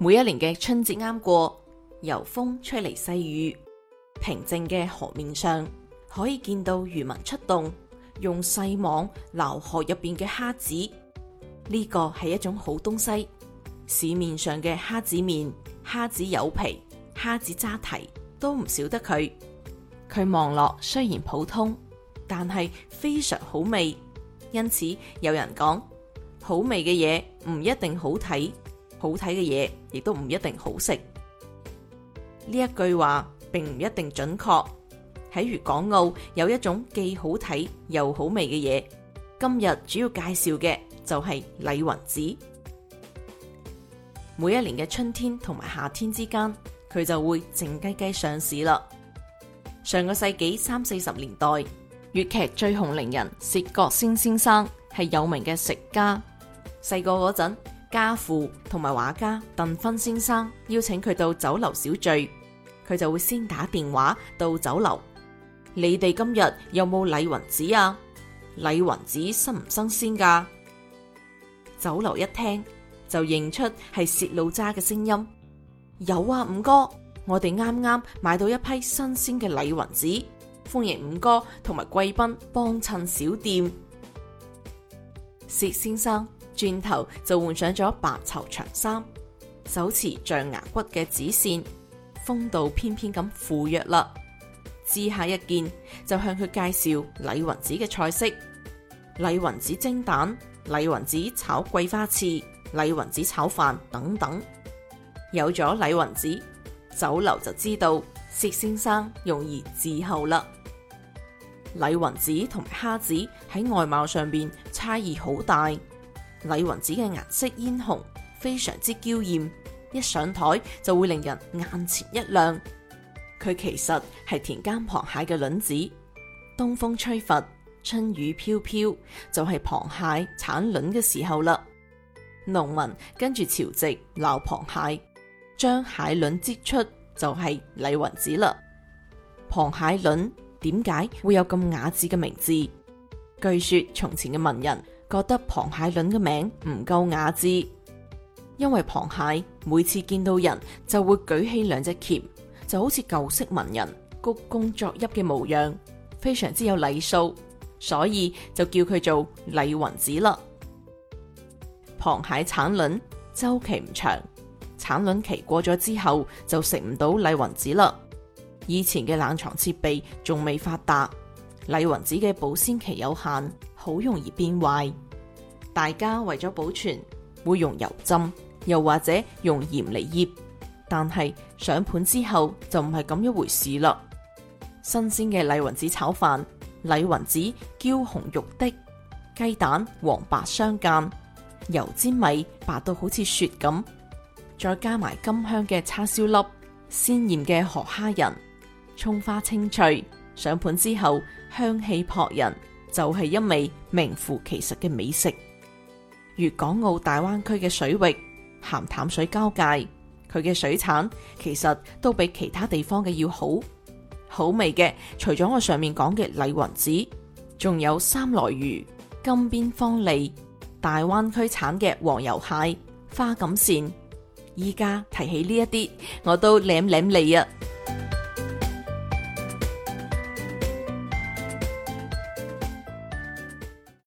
每一年嘅春節啱過，由風吹嚟細雨，平靜嘅河面上可以見到漁民出動，用細網撈河入邊嘅蝦子。呢、這個係一種好東西，市面上嘅蝦子麵、蝦子柚皮、蝦子揸蹄都唔少得佢。佢望落雖然普通，但係非常好味，因此有人講好味嘅嘢唔一定好睇。好睇嘅嘢，亦都唔一定好食。呢一句話並唔一定準確。喺粵港澳有一種既好睇又好味嘅嘢，今日主要介紹嘅就係禮云子。每一年嘅春天同埋夏天之間，佢就會靜雞雞上市啦。上個世紀三四十年代，粵劇 最紅伶人薛覺先先生係有名嘅食家。細個嗰陣。 家父同埋畫家鄧芬先生邀請佢到酒樓小聚，佢就會先打電話到酒樓。你哋今日有冇禮云子啊？禮云子新唔新鮮噶？啊？酒樓一聽就認出係薛老渣嘅聲音。有啊，五哥，我哋啱啱買到一批新鮮嘅禮云子，歡迎五哥同埋貴賓幫襯小店。薛先生。轉頭就換上咗白綢長衫，手持象牙骨嘅紙扇，風度翩翩咁赴約啦。至下一件就向佢介紹禮雲子嘅菜式：禮雲子蒸蛋、禮雲子炒桂花翅、禮雲子炒飯等等。有咗禮雲子，酒樓就知道薛先生容易伺候啦。禮雲子同蝦子喺外貌上邊差異好大。禮雲子嘅顏色嫣紅，非常之嬌艷，一上台就會令人眼前一亮。佢其實係田間螃蟹嘅卵子。東風吹拂，春雨飄飄，就係、是、螃蟹產卵嘅時候啦。農民跟住潮汐撈螃蟹，將蟹卵擠出，就係禮雲子啦。螃蟹卵點解會有咁雅致嘅名字？據說從前嘅文人。覺得螃蟹卵嘅名唔夠雅緻，因為螃蟹每次見到人就會舉起兩隻鉗，就好似舊式文人鞠躬作揖嘅模樣，非常之有禮數，所以就叫佢做禮雲子啦。螃蟹產卵周期唔長，產卵期過咗之後就食唔到禮雲子啦。以前嘅冷藏設備仲未發達，禮雲子嘅保鮮期有限。好容易變壞，大家為咗保存，會用油浸，又或者用鹽嚟醃。但係上盤之後就唔係咁一回事啦。新鮮嘅禮雲子炒飯，禮雲子嬌紅欲滴，雞蛋黃白相間，油煎米白到好似雪咁，再加埋甘香嘅叉燒粒，鮮艷嘅河蝦仁，蔥花清脆，上盤之後香氣撲人。就係一味名符其實嘅美食。粵港澳大灣區嘅水域鹹淡水交界，佢嘅水產其實都比其他地方嘅要好、好味嘅。除咗我上面講嘅禮雲子，仲有三黎魚、金邊方鯉、大灣區產嘅黃油蟹、花錦鱔。依家提起呢一啲，我都舐舐脷啊！